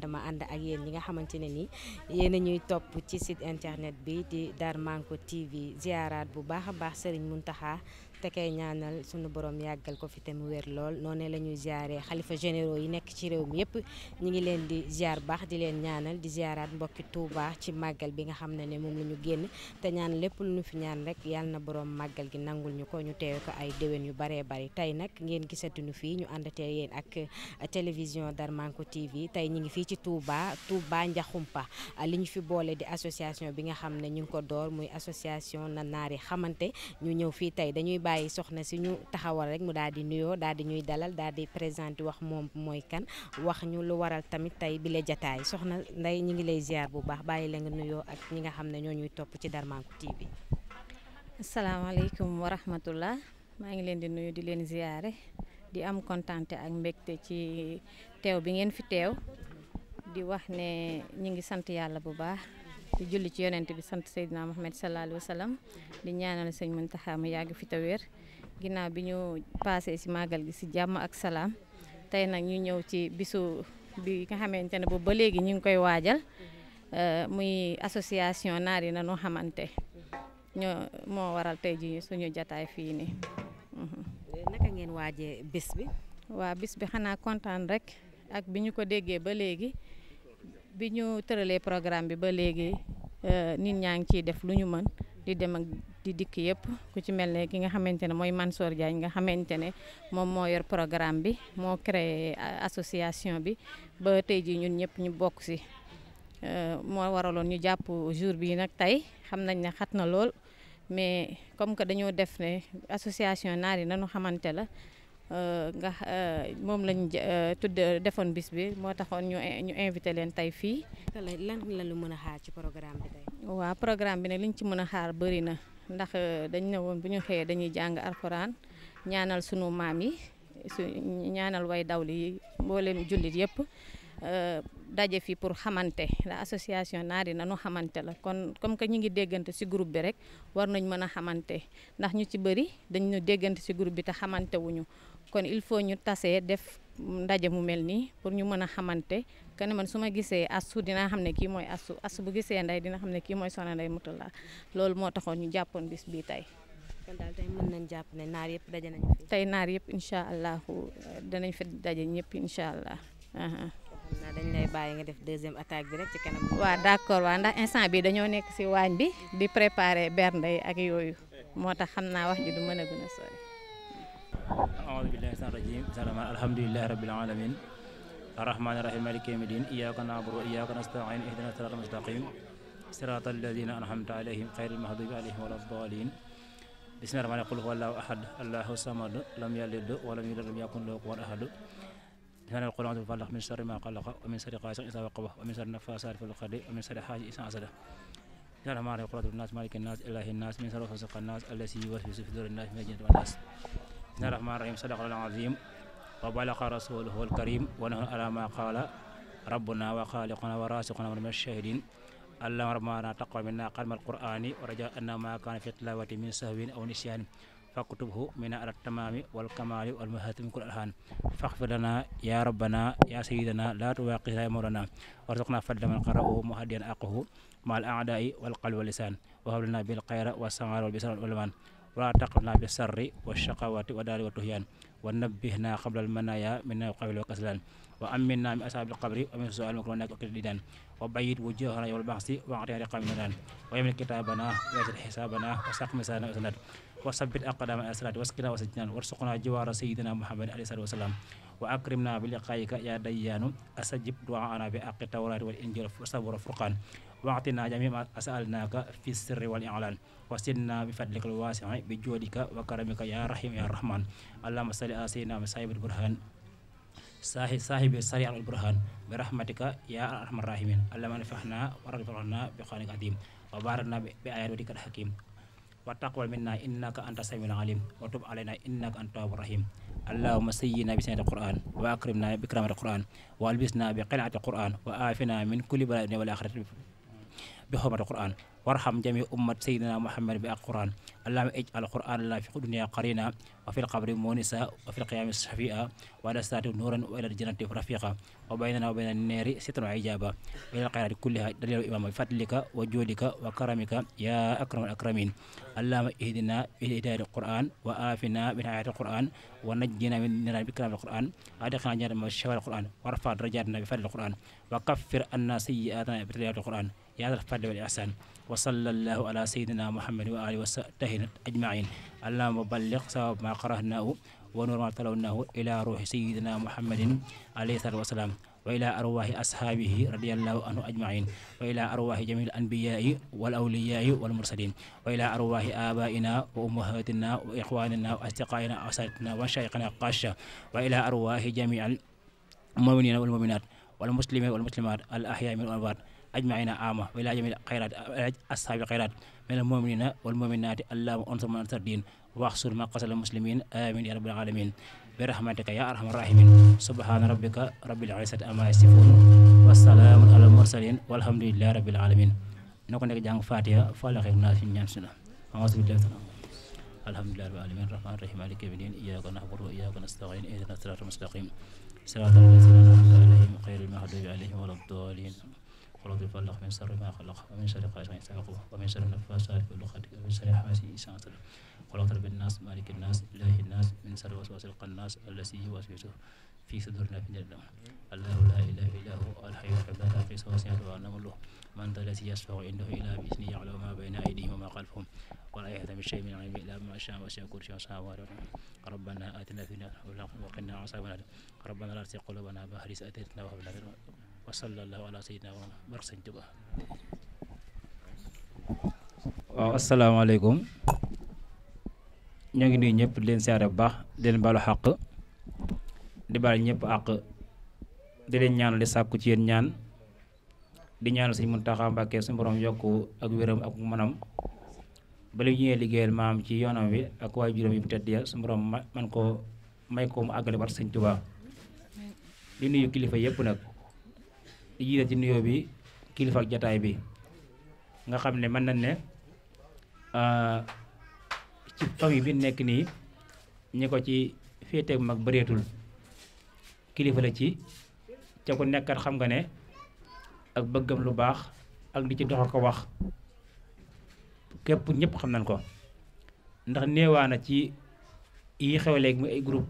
kontaan ànd ak yéen ñi nga xamante ne nii yéen a ñuy topp ci site internet bi di Darmanko TV ziaraat bu baax a baax sëriñ Serigne Mountakha te kay ñaanal sunu borom yàggal ko fi te mu wér lool noonee la ñuy ziare xalifa généraux yi nekk ci réew mi yëpp ñu ngi leen di ziar baax di leen ñaanal di ziaraat mbokki Touba ci màggal bi nga xam ne ne moom la ñu génn te ñaan lépp lu ñu fi ñaan rek yàlla na boroom màggal gi nangul ñu ko ñu teewe ko ay déwén yu baree bari tey nag ngeen gisatuñu fii ñu àndatee yéen ak uh, télévision Darmanko TV tey ñu ngi fii ci Touba Touba Njaxumpa uh, li ñu fi boole di association bi nga xam ne ñu ko door muy association na naari xamante ñu bàyyi soxna si ñu taxawal rek mu daal di nuyoo daal di ñuy dalal daal di présenté wax moom mooy kan wax ñu lu waral tamit tey bi la jataay soxna ndey ñu ngi lay ziar bu baax bàyyi la nga nuyoo ak ñi nga xam ne ñoo ñuy topp ci Darmanko TV. asalaamaaleykum wa rahmatullah maa ngi leen di nuyu di leen ziare di am kontante ak mbégte ci teew bi ngeen fi teew di wax ne ñu ngi sant yàlla bu baax. di julli ci yonent bi sant Seydina Mohamed sallallahu alayhi wa sallam di ñaanal sëñ Muntaxa mu yàgg fi te ginnaaw bi ñu passé si màggal gi si jàmm ak salaam tey nag ñu ñëw ci bisu bi nga xamante ne boobu ba léegi ñu ngi koy waajal euh, muy association naari na nu xamante ñoo moo waral tey ji suñu jataay fii nii. Mhm. naka ngeen waajee bis bi. waa bis bi xanaa kontaan rek ak bi ñu ko déggee ba léegi. bi ñu tëralee programme bi ba léegi euh, nit ñaa ngi ciy def lu ñu mën di dem ak di dikk yëpp ku ci mel ne ki nga xamante ne mooy Mansour Diagne nga xamante ne moom moo yor programme bi moo créer association bi ba tey jii ñun ñëpp ñu bokk si euh, moo waraloon ñu jàpp jour bii nag tey xam nañ ne xat na lool mais comme que dañoo def ne association naari nanu xamante la Euh, nga euh, moom lañ euh, tudd defoon bis bi moo taxoon ñu ñu invité leen tey fii. lan lan lu mën a xaar ci programme bi tey. waaw programme bi nag liñ ci mën a xaar bëri na ndax dañ ne woon bu ñu xëyee dañuy jàng alxuraan ñaanal sunu maam yi su ñaanal way dawli yi leen jullit yëpp. daje fii pour xamante la association na nanu xamante la kon comme que ñu ngi déggante ci groupe bi rek war nañ mën a xamante ndax ñu ci bëri dañu déggante ci groupe bi te xamante kon il faut ñu tassé def ndaje mu melni pour ñu mëna xamanté kan man suma ma asu dina xam ki kii asu asu bu yang nday dina xamné ki moy sona nday mutula lool mo taxone ñu jappone bis bi tay kon dal tay mën nañ japp né nar yépp dajé nañ fi tay nar yépp inshallah dañ danañ fa ñëpp inshallah aha na dañ lay baye nga def deuxième attaque bi rek ci kanam wa d'accord wa ndax instant bi dañu nek ci wañ bi di préparer bernde ak yoyu motax xamna wax ji du gëna أعوذ بالله من الشيطان الرجيم سلام الحمد لله رب العالمين الرحمن الرحيم مالك يوم الدين إياك نعبد وإياك نستعين اهدنا الصراط المستقيم صراط الذين أنعمت عليهم غير المغضوب عليهم ولا الضالين بسم الله الرحمن الرحيم قل هو الله أحد الله الصمد لم يلد ولم يولد ولم يكن له كفوا أحد هنا القرآن أعوذ بالله من شر ما قلق ومن شر غاسق إذا وقب ومن شر النفاثات في العقد ومن شر حاج إذا حسد بسم الله الرحمن الرحيم قل الناس مالك الناس إله الناس من شر وسوسة الناس الذي يوسوس في صدور الناس من جنة الناس بسم الله الرحمن الرحيم صدق الله العظيم وبلغ رسوله الكريم ونحن على ما قال ربنا وخالقنا وراسقنا من الشاهدين اللهم ربنا تقوى منا قلم القرآن ورجاء أن ما كان في تلاوه من سهو أو نسيان فاكتبه من على التمام والكمال والمهات من كل الهان فاغفر لنا يا ربنا يا سيدنا لا تواقينا يا مولانا وارزقنا فضل من قرأه مهديا أقه مع الأعداء والقلب واللسان وهب لنا بالخير والسمع والبصر والألمان ولا تقبلنا بالسر والشقاوة والدار والطهيان ونبهنا قبل المنايا من القبل وكسلان وأمنا من أصحاب القبر ومن سوء المكرونة والكردان وبيد وجوهنا يوم البعث وأعطيها رقم المنان ويمن كتابنا ويسر حسابنا وساق مسانا وسند وثبت أقدامنا على الصراط واسقنا وسجنا وارزقنا جوار سيدنا محمد عليه الصلاة والسلام وأكرمنا بلقائك يا ديان أسجب دعاءنا بأق التوراة والإنجيل صبر فرقان واعطنا جميع ما أسألناك في السر والإعلان وسلنا بفضلك الواسع بجودك وكرمك يا رحيم يا رحمن اللهم صل على سيدنا صاحب البرهان صاحب صاحب سريع البرهان برحمتك يا أرحم الراحمين اللهم انفعنا ورفعنا بقرآنك العظيم وبارنا بآياتك الحكيم وتقبل منا إنك أنت السميع العليم وتب علينا إنك أنت التواب الرحيم اللهم سينا بسنة القرآن وأكرمنا بكرامة القرآن وألبسنا بقلعة القرآن وآفنا من كل بلاء والآخرة بحرمة القرآن وارحم جميع أمة سيدنا محمد بالقرآن اللهم اجعل القرآن لنا في الدنيا قرينا وفي القبر مونسا وفي القيام شفيئا وعلى الصراط نورا وإلى الجنة رفيقا وبيننا وبين النار ستر عجابا وإلى الخيرات كلها دليل إمام بفضلك وجودك وكرمك يا أكرم الأكرمين اللهم اهدنا بهداية القرآن وآفنا من آيات القرآن ونجنا من نار بكلام القرآن أدخلنا جنة من القرآن وارفع درجاتنا بفضل القرآن وكفر عنا سيئاتنا بفضل القرآن يا ذا الفضل والإحسان وصلى الله على سيدنا محمد وآله وصحبه أجمعين اللهم بلغ سبب ما قرأناه ونور ما تلوناه إلى روح سيدنا محمد عليه الصلاة والسلام وإلى أرواح أصحابه رضي الله عنه أجمعين وإلى أرواح جميع الأنبياء والأولياء والمرسلين وإلى أرواح آبائنا وأمهاتنا وإخواننا وأصدقائنا وأساتذتنا وشيخنا قاشة وإلى أرواح جميع المؤمنين والمؤمنات والمسلمين والمسلمات الأحياء من الأموات أجمعين عامة وإلى جميع الخيرات أصحاب الخيرات من المؤمنين والمؤمنات اللهم أنصر من أنصر الدين واخسر ما قتل المسلمين آمين يا رب العالمين برحمتك يا أرحم الراحمين سبحان ربك رب العزة أما يصفون والسلام على المرسلين والحمد لله رب العالمين نكون نك جان فاتحة فلا خير ناس في نيان سنة أعوذ بالله تعالى الحمد لله رب العالمين الرحمن الرحيم مالك يوم الدين إياك نعبد وإياك نستعين اهدنا الصراط المستقيم صراط الذين أنعمت عليهم غير المغضوب عليهم ولا الضالين ولقد بلغ من شر ما خلق ومن شر غاسق إذا وقب ومن شر النفاثات في العقد ومن شر حاسد إذا حسد ولقد رب الناس مالك الناس إله الناس من شر وسواس القناص الذي يوسوس في صدورنا في الناس الله لا إله إلا هو الحي القيوم لا تقيسه سنة ولا من ذا الذي يشفع عنده إلا بإذنه يعلم ما بين أيديهم وما خلفهم ولا يحيط من من علمه إلا بما شاء وسع كرسي وسماوات ربنا آتنا في وقنا عذاب ربنا لا تزغ قلوبنا بعد إذ وهب لنا وصلى الله على سيدنا مرسل جبا waaw asalaamaaleykum ñoo ngi ñëpp di leen siyaare bu baax di leen xàq di ñëpp àq di leen ñaanal sàkku ci yéen ñaan di ñaanal sëñ mu Mbàkke suñu borom yokk ak wéram ak manam ba liggéeyal maam ci yoonam wi ak waa juróom yi bu tedd ya suñu borom man koo may ko mu àggale war sëñ Tuubaa di nuyu kilifa yëpp nag di jiite ci nuyoo bi kilifa ak jataay bi nga xam ne mën na ne ah, ci famille bi nekk nii ñi ko ci féeteeg mag bëreetul kilifa la ci ca ku nekkat xam nga ne ak bëggam lu baax ak li ci dox ko wax képp ñëpp xam nañ ko ndax néewaana ci yi xew léegi muy ay groupe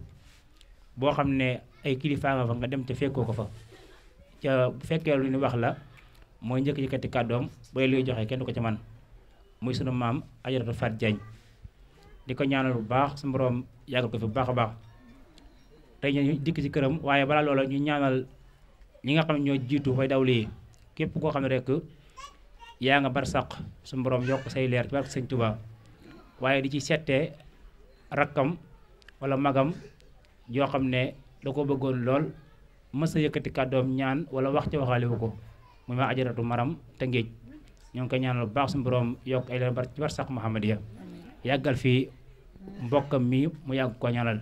boo xam ne ay kilifaa nga dem ca fekkoo ko fa ca bu fekkee lu ñu wax la mooy njëkk yëkkati kàddoom bu dee luy joxe kenn ko ca man muy sunu maam Ajaratu Fat Diagne di ko ñaanal bu baax su borom yàggal ko fi bu baax a baax tey ñu dikk ci këram waaye balaa loola ñu ñaanal ñi nga xam ñoo jiitu fay dawli yi képp koo xam rek yaa nga barsàq sun borom yokk say leer barke sëñ Tuubaa waaye di ci settee rakkam wala magam yoo xam ne da ko bëggoon lool mës a yëkkati kàddoom ñaan wala wax ci waxaale wu ko muy ma ajaratu maram te ngéej ñoo ngi koy ñaanal bu baax sun borom yokk ay leer ci barsax ya. yàggal fii mbokkam mi mu yàgg ko ñaanal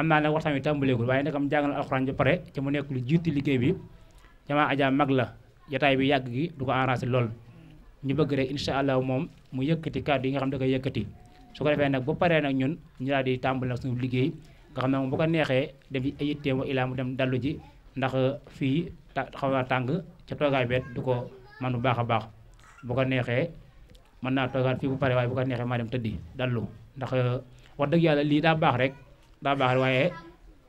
xam naa nag waxtaan wi tàmbaleegul waaye nag am jàngal alxuraan bu pare ci mu nekk lu jiitu liggéey bi jamaa aja mag la jotaay bi yàgg gi du ko arrangé lool ñu bëgg rek incha allah moom mu yëkkati kaat yi nga xam da koy yëkkati su ko defee nag bu paree nag ñun ñu daal di tàmbali nag liggéey nga xam bu ko neexee dem ci ay itteem ilaa mu dem dallu ji ndax fii xaw naa tàng ca toogaay beet du ko man bu baax a baax bu ko neexee mën naa toogaat fii bu pare waaye bu ko neexee ma dem tëddi dallu ndax wax dëgg yàlla lii daa baax rek daa baax waaye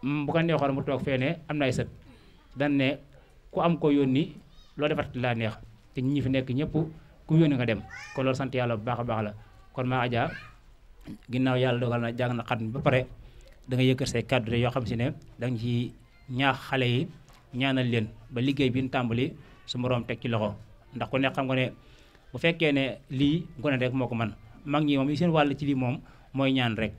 bu ko neexoon mu toog fee ne am na ay sët dan ne ku am ko yónni loo defat laa neex te ñi fi nekk ñëpp ku yónni nga dem kon loolu sant yàlla bu baax a baax la kon maa Adja ginnaaw yàlla dogal na jàng na xat ba pare da nga yëkkat say kàddu yoo xam si ne da ci ñaax xale yi ñaanal leen ba liggéey biin ñu tàmbali su moroom teg ci loxo ndax ku ne xam nga ne bu fekkee ne lii gone rek moo ko man mag ñi moom yi seen wàll ci lii moom mooy ñaan rek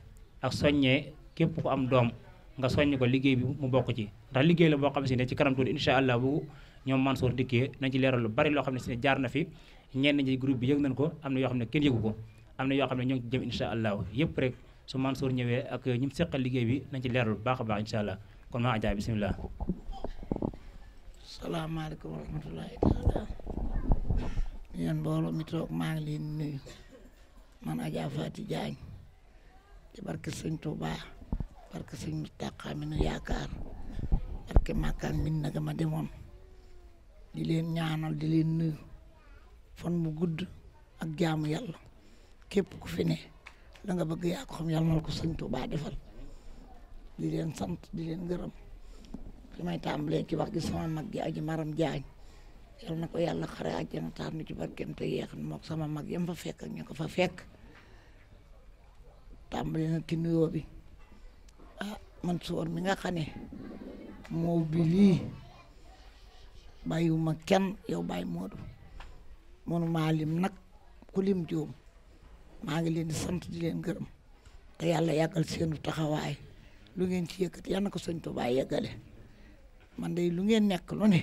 ak soññee képp ku am doom nga soññ ko liggéey bi mu bokk ci ndax liggéey la boo xam si ne ci kanam tuuti incha allah bu ñoom Mansour dikkee nañ ci leeral lu bari loo xam ne si jaar na fi ñenn ñi groupe bi yëg nañ ko am na yoo xam ne kenn yëgu ko yoo xam ne ñoo ngi jëm incha allah yëpp rek su Mansour ñëwee ak ñi mu liggéey bi nañ ci leeral lu baax a baax incha allah kon maa ajaay bisimilah. salaamaaleykum wa rahmatulahi taala yéen mbooloo mi toog maa ngi leen nuyu man Adja Faty Diagne ci barke Sëñ Touba. barke si Mountakha mi na yaakaar barke màkkaan min naga ma demoon di leen ñaanal di leen nuyu fan mu gudd ak jaamu yàlla képp ku fi ne la nga bëgg yaa ko xam yàlla na ko sëñ Tuubaa defal di leen sant di leen gërëm fi may tàmbalee ci wax gi sama mag ji aji maram jaañ yal na ko yàlla xare ak taar nu ci barkeem te yeexan mook sama mag yam fa fekk ak ñu ko fa fekk tàmbale na ci nuyoo bi man Mansour mi nga xam ne moo bi lii bàyyiwuma kenn yow bàyyi Modou mënu maa lim nag ku lim joom maa ngi leen di sant di leen gërëm te yàlla yàggal seenu taxawaay lu ngeen ci yëkkati yal na ko sëñ Tuubaa yàggale man de lu ngeen nekk lu ne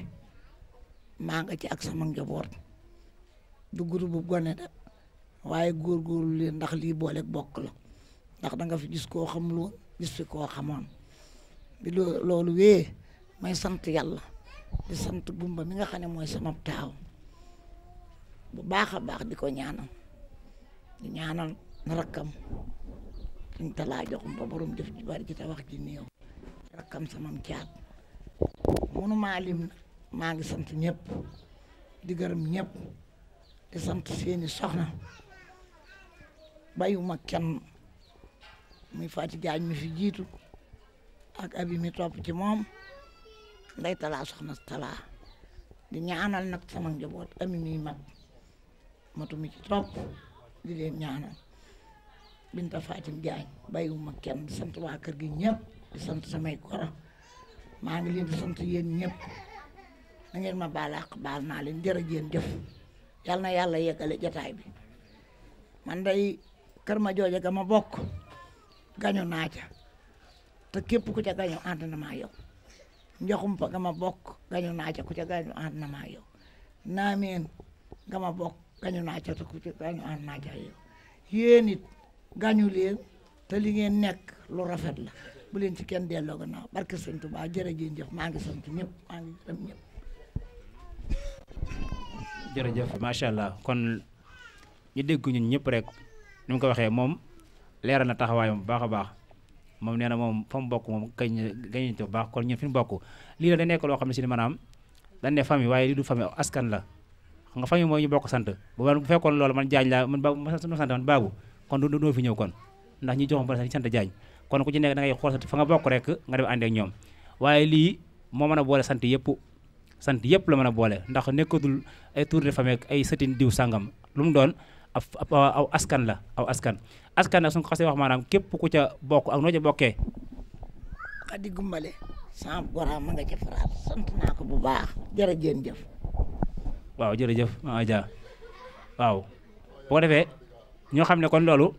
maa nga ci ak sama njaboot du groupe bu gone de waaye góorgóorlu leen ndax lii boole bokk la ndax danga nga fi gis koo xam loon bis bi koo xamoon bi loolu wee may sant yàlla di sant Bumba mi nga xam ne mooy sama taaw bu baax a baax di ko ñaanal di ñaanal rakkam suñ talaa joxum ba borom jëf ci bari ci te wax ji néew rakkam samam caat munu maa lim maa ngi sant ñëpp di gërëm ñëpp di sant seeni soxna bayuma kenn muy Fatou Diagne mi fi jiitu ak abi mi topp ci moom nday talaa soxna talaa di ñaanal nag sama njaboot ami mi mag matu mi ci topp di leen ñaanal Binta Fatim Diagne bàyyiwuma kenn di sant waa kër gi ñëpp di sant samay koro maa ngi leen di sant yéen ñëpp na ngeen ma baal baal naa leen jërëjëf jëf yal na yàlla yeggale jataay bi man day kër ma jooje ga ma bokk gañu naa ca te képp ku ca gañu ànd na maa yow njoxum pa nga bokk gañu naa ca ku ca gañu ànd na maa yow naameen nga bokk gañu naa ca te ku ca gañu ànd naa ca yow yéen it gañu leen te li ngeen nekk lu rafet la bu leen ci kenn delloo gannaaw barke sëñ Tuubaa jërëjëf maa ngi sant ñëpp maa ngi sant ñëpp. jërëjëf macha allah kon ñu dégg ñun ñëpp rek ni mu ko waxee moom. leeral na taxawaayam bu baax a baax moom nee na moom fa mu bokk moom gañ gañ bu baax kon ñun fi mu bokk lii la nekk loo xam ne si maanaam dañ ne famille waaye lii du famille askan la xam nga famille mooy ñu bokk sant bu man bu fekkoon loolu man jaañ laa man ba ma sant man baabu kon du doo fi ñëw kon ndax ñi joxoon ba sax ñu sant jaañ kon ku ci nekk da ngay xool fa nga bokk rek nga dem ànd ak ñoom waaye lii moo mën a boole sant yëpp sant yëpp la mën a boole ndax nekkatul ay tour de famille ak ay sëtin diw sàngam lu mu doon aw askan la aw askan askan nag sun ko xasse wax manam kep ku ca bok ak no ca bokke xadi gumbale sama gora ma nga ca faral sant naa ko bu baax jeen jëf waaw jeuf ma ja waaw bu ko defé ñoo xamné kon lolu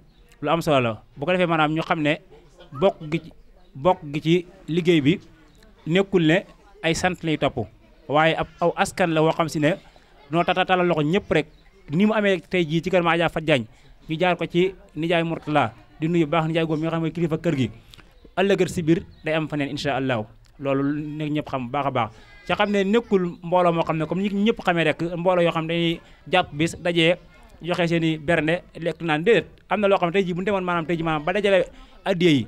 lu am solo la bu ko defé manam ñu xamné bok gi bok gi ci liggey bi nekkul ne ay sant lay topp waye aw askan la wo xam si ne tata tala loxo ñëpp rek ni mu amee tey jii ci kër Madia faj Diagne ñu jaar ko ci nijaay Mourtala di nuyu baax nijaay góob mi nga xam ne kilifa kër gi ëllëgër si biir day am fa faneen incha allah loolu nekk ñëpp xam baax a baax ca xam ne nekkul mbooloo moo xam ne comme ñi ñëpp xamee rek mbooloo yoo xam dañuy jàpp bis dajee joxe seen i bernde lekk naan déedéet am na loo xam ne tey jii bu ñu demoon maanaam tey jii maanaam ba dajale addiya yi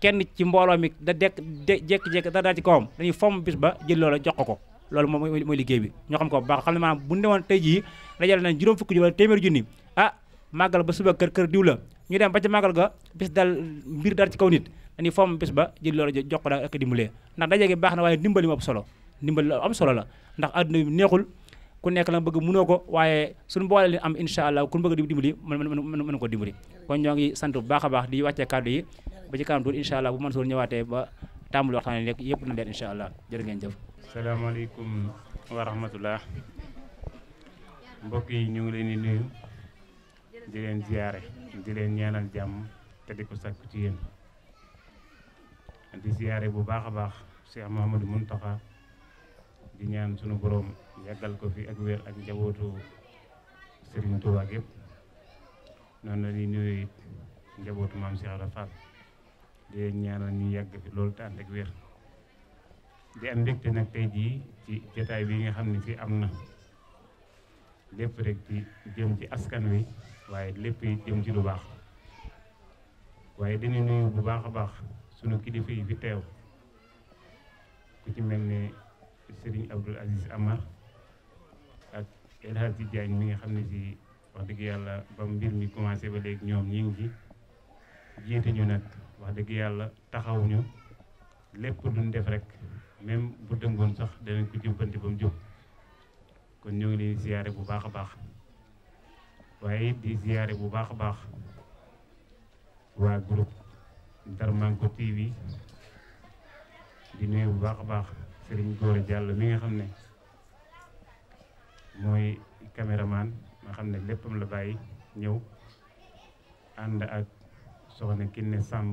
kenn ci mbooloo mi da dekk jékki-jékki da daal ci kawam dañuy fomm bis ba jël loola jox ko ko loolu moom mooy liggéey bi ñu xam ko bu baax xam ne maanaam bu ndewoon tey jii dajale na juróom fukk junni téeméer junni ah màggal ba suba kër kër diw la ñu dem ba ca màggal ga bis dal mbir dar ci kaw nit dañuy fomm bis ba jël loolu jox ko daal ak dimbalee ndax daje gi baax na waaye dimbali mu am solo dimbali am solo la ndax àdduna bi neexul ku nekk la bëgg mënoo ko waaye suñu boole li am incha allah ku bëgg di dimbali mën mën ko dimbali kon ñoo ngi sant bu baax a baax di wàccee kàddu yi ba ci kanam tuuti incha allah bu mën soo ñëwaatee ba tàmbali waxtaan yi nekk yëpp na leen incha allah jërë ngeen jëf assalamualaikum warahmatullah rahmatullah mbokk yi ñu ngi leen di nuyu di leen ziaré di leen ñaanal jamm té diko ko ci yeen di ziaré bu baaxa baax Cheikh mohammed muntaha di ñaan suñu borom yagal ko fi ak wër ak jabootu Serigne Touba gep non la ñuy nuyu jabootu mam Cheikh Ibra di leen ñaanal ñu yagg fi loolu te ak wër di am mbégte nag tey jii ci jotaay bi nga xam ne fi am na lépp rek ci jëm ci askan wi waaye lépp jëm ci lu baax waaye dañu nuyu bu baax a baax sunu kilifa yi fi teew ku ci mel ne Serigne Abdoul Aziz Amar ak El Hadji Diagne mi nga xam ne si wax dëgg yàlla ba mbir mi commencé ba léegi ñoom ñi ngi ci jiite ñu nag wax dëgg yàlla taxaw ñu lépp duñ def rekk même bu dëngoon sax danañ ko jubbanti ba mu kon ñoo ngi leen ziyaare bu baax a baax waaye di ziyaare bu baax baax waa groupe Darmanko TV di nuyu bu baax a baax Serigne Gora Diallo mi nga xam ne mooy caméraman nga xam ne léppam la bàyyi ñëw ànd ak soxna Kiné Samb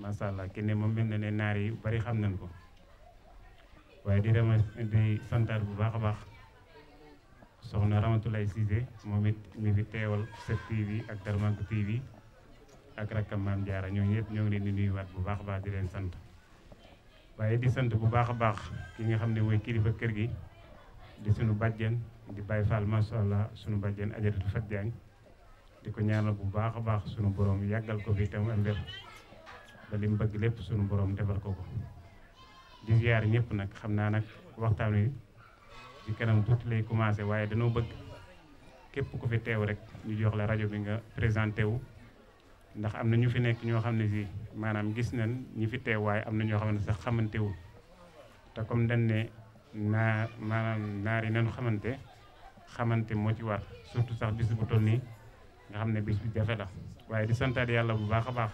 macha allah Kiné moom mel na ne naar yi bari xam nañ ko waaye di remercier di santar bu baax a baax soxna Ramatoulaye Cissé moom it mi fi teewal 7TV ak Darmanko TV ak rakam maam Diarra ñoo ñëpp ñoo ngi leen di nuyuwaat bu baax a baax di leen sant waaye di sant bu baax a baax ki nga xam ne mooy kilifa kër gi di sunu bàjjen di Baye Fall macha allah sunu bàjjen Ajaratu Fat Diagne di ko ñaanal bu baax a baax sunu borom yàggal ko fi tam am ba lim mu bëgg lépp sunu borom defal ko ko. di ziar ñëpp nag xam naa nag waxtaan wi ci kanam tuuti lay commencé waaye dañoo bëgg képp ku fi teew rek ñu jox la rajo bi nga présenté wu. ndax am na ñu fi nekk ñoo xam ne si maanaam gis nañ ñi fi teew waaye am na ñoo xam ne sax xamante wu te comme dañ ne naa maanaam naar yi nañu xamante xamante moo ci war surtout sax bis bu toll nii nga xam ne bis bu jafe la waaye di santaat yàlla bu baax a baax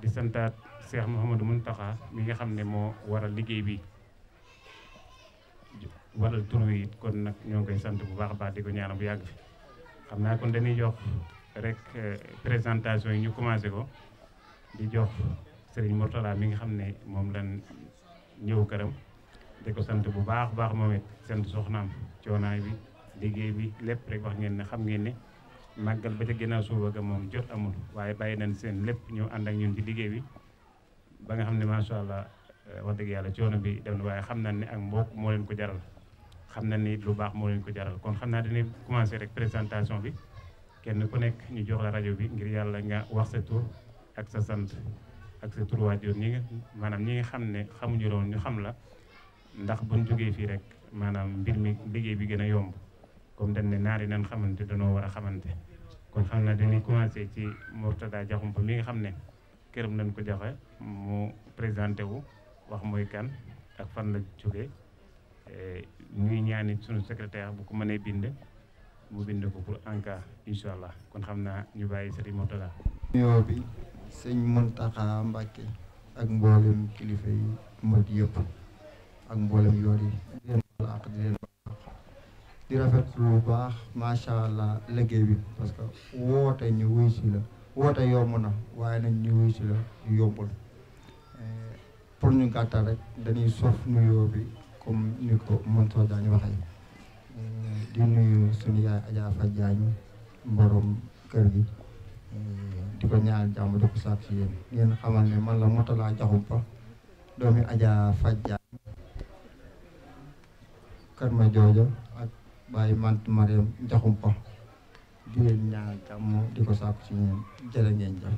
di santaat. Cheikh Mouhamadou Mountakha mi nga xam ne moo waral liggéey bi waral turu yi kon nag ñoo ngi koy sant bu baax a baax di ko ñaanal bu yàgg fi xam naa kon dañuy jox rek euh, présentation yi ñu commencé ko di jox Serigne Mourtala mi nga xam ne moom lañ ñëw këram di ko sant bu baax baax moom it sant soxnaam coonaay bi liggéey bi lépp rek wax ngeen ne xam ngeen ne màggal ba ca ginnaaw suuba ga moom jot amul waaye bàyyi nañ seen lépp ñu ànd ak ñun ci liggéey bi ba nga xam ne macha allah eh, wax dëgg yàlla coono bi dem na waaye xam na ni ak mbokk moo leen ko jaral xam na ni lu baax moo leen ko jaral kon xam naa dañuy commencé rek présentation bi kenn ku nekk ñu jox la rajo bi ngir yàlla nga wax sa ak sa sant ak sa tur waajur ñi nga maanaam ñi nga xam ne xamuñu loon ñu xam la ndax buñ jógee fii rek maanaam mbir mi liggéey bi gën a yomb comme dañ naari nan xamante danoo war a xamante kon xam naa dañuy commencé ci Mourtada Diakhoumpa mi nga xam ne kërëm nañ ko joxe mu présenté wu wax moy kan ak fan la euh ñuy ñaanit suñu secrétaire bu ko mëne bind mu bind ko pour anka inshallah kon xamna naa ñu bàyyi sëriñ Mourtada. nuyoo bi sëñ Mountakha mbacké ak mboolem kilifa yi mat yëpp ak mboolem yoor di leen ak di leen baax di rafet lu baax macha allah liggéey bi parce que woote ñu wuy si la. woote yomb na waaye nag ñu wuy si la yombul eh, pour ñu gàttal rek dañuy sof nuyoo bi comme ni ko Mansour Diagne waxee eh, di nuyu suñu yaay Adja Fatou Diagne borom kër gi eh, di ko ñaar jàmm di ko sàkk si yéen ngeen xamal ne man la Mourtalla Diakhoumpa doomi Adja Fatou Diagne kër ma joojo ak bàyyi mant Mariam Diakhoumpa di leen ñaanal jàmm di ko sàkku ci ñoom jërë ngeen jëf